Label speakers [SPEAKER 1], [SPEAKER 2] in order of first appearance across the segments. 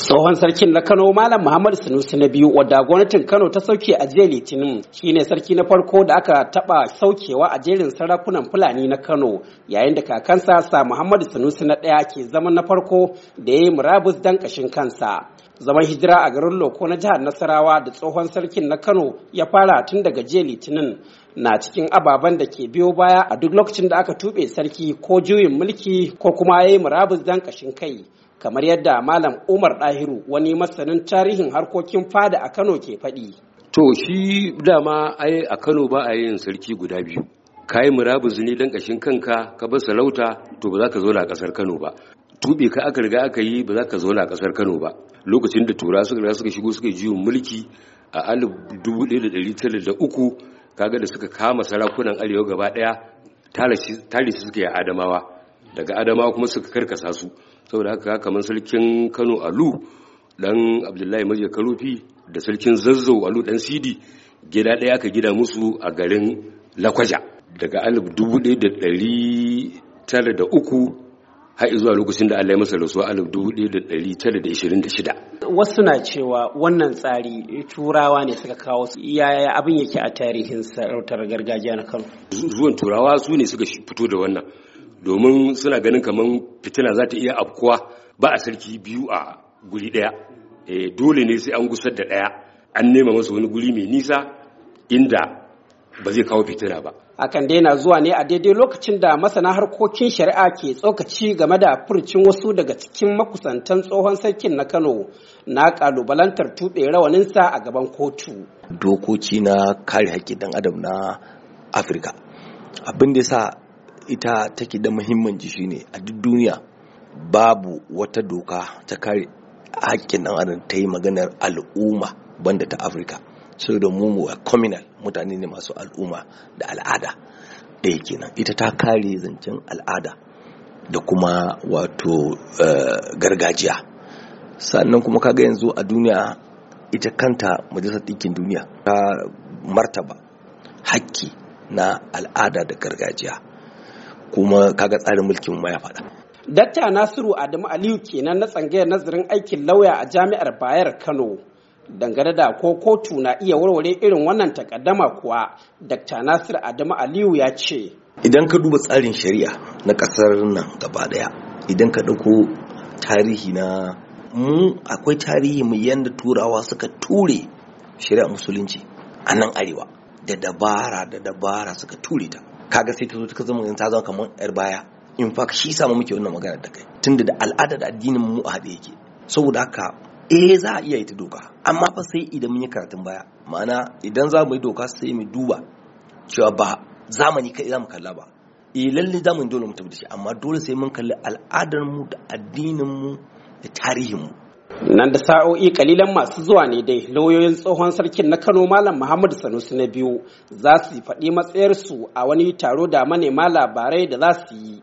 [SPEAKER 1] tsohon sarkin na kano malam muhammad sunusi na biyu wadda gwamnatin kano ta sauke a jiya litinin shine sarki na farko da aka taba saukewa a jerin sarakunan fulani na kano yayin da kakansa sa Muhammadu sunusi na ɗaya ke zama na farko da ya yi murabus dan kashin kansa zaman hijira a garin loko na jihar nasarawa da tsohon sarkin na kano ya fara tun daga jiya litinin na cikin ababen da ke biyo baya a duk lokacin da aka tuɓe sarki ko juyin mulki ko kuma ya yi murabus dan kashin kai kamar yadda malam umar ɗahiru wani masanin tarihin harkokin fada a kano ke faɗi
[SPEAKER 2] to shi dama ai a kano ba a yin sarki guda biyu ka yi murabus ne dan kashin kanka ka bar sarauta to ba za ka zo na ƙasar kano ba Tuɓe ka aka riga aka yi ba za ka zo na ƙasar kano ba lokacin da tura suka riga suka shigo suka juyin mulki a kaga da suka kama sarakunan arewa gaba ɗaya, tare su suka yi adamawa daga adamawa kuma suka karkasa su saboda haka kamar sarkin kano alu dan abdullahi maje karufi da sarkin zazzau alu dan sidi gida ɗaya aka gida musu a garin lakwaja daga alif dubu daya da dari tara da uku har zuwa lokacin da Allah ya masa rasuwa alif dubu daya da dari tara da ishirin da shida.
[SPEAKER 1] Wasu na cewa wannan tsari turawa ne suka kawo su yaya abin yake a tarihin sarautar gargajiya na Kano.
[SPEAKER 2] Zuwan turawa su ne suka fito da wannan. domin suna ganin kamar fitina za ta iya afkuwa ba a sarki biyu a guri ɗaya eh, dole ne sai an gusar da ɗaya an nema masa wani guri mai nisa inda ba zai kawo fitina ba
[SPEAKER 1] A akan daina zuwa ne a daidai lokacin da masana harkokin shari'a ke tsokaci game da furcin wasu daga cikin makusantan tsohon sarkin na kano na kalubalantar tuɓe rawaninsa a gaban kotu
[SPEAKER 3] dokoki na kare haƙƙin ɗan adam na afirka abin da sa ita take da muhimmanci shine a duk duniya babu wata doka ta kare haƙƙin ɗan adam ta yi maganar al'umma banda ta afirka sai da mu communal mutane ne masu al'umma da al'ada ɗaya kenan ita ta kare zancen al'ada da kuma wato eh, gargajiya sannan kuma kaga yanzu a duniya ita kanta majalisar ɗinkin duniya ta martaba hakki na al'ada da gargajiya kuma kaga tsarin mulkin ma ya faɗa.
[SPEAKER 1] Dakta Nasiru Adamu Aliyu kenan na tsangayar nazarin aikin lauya a jami'ar Bayar Kano. Dangane da ko kotu na iya warware irin wannan takaddama kuwa, Dakta Nasiru Adamu Aliyu ya ce.
[SPEAKER 3] Idan ka duba tsarin shari'a na ƙasar nan gaba ɗaya, idan ka ɗauko tarihi na mu akwai tarihi mu yanda turawa suka ture shari'a musulunci a nan arewa da dabara da dabara suka ture ta kaga sai ta zo ta zama ta zama kamar yar baya in fact shi samu muke wannan magana da kai tunda da al'ada da addinin mu a haɗe yake saboda haka eh za a iya yi ta doka amma fa sai idan mun yi karatun baya ma'ana idan za mu yi doka sai mu duba cewa ba zamani kai za mu kalla ba eh lalle zamani dole mu tabbata shi amma dole sai mun kalli al'adar mu da addinin mu da tarihin mu
[SPEAKER 2] nan da
[SPEAKER 1] sa'o'i kalilan masu zuwa ne dai lauyoyin tsohon sarkin na kano malam muhammadu sanusi na biyu za su faɗi matsayarsu a wani taro da manema labarai da za su yi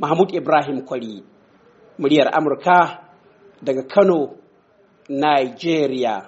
[SPEAKER 1] mahmud ibrahim kwari muryar amurka daga kano nigeria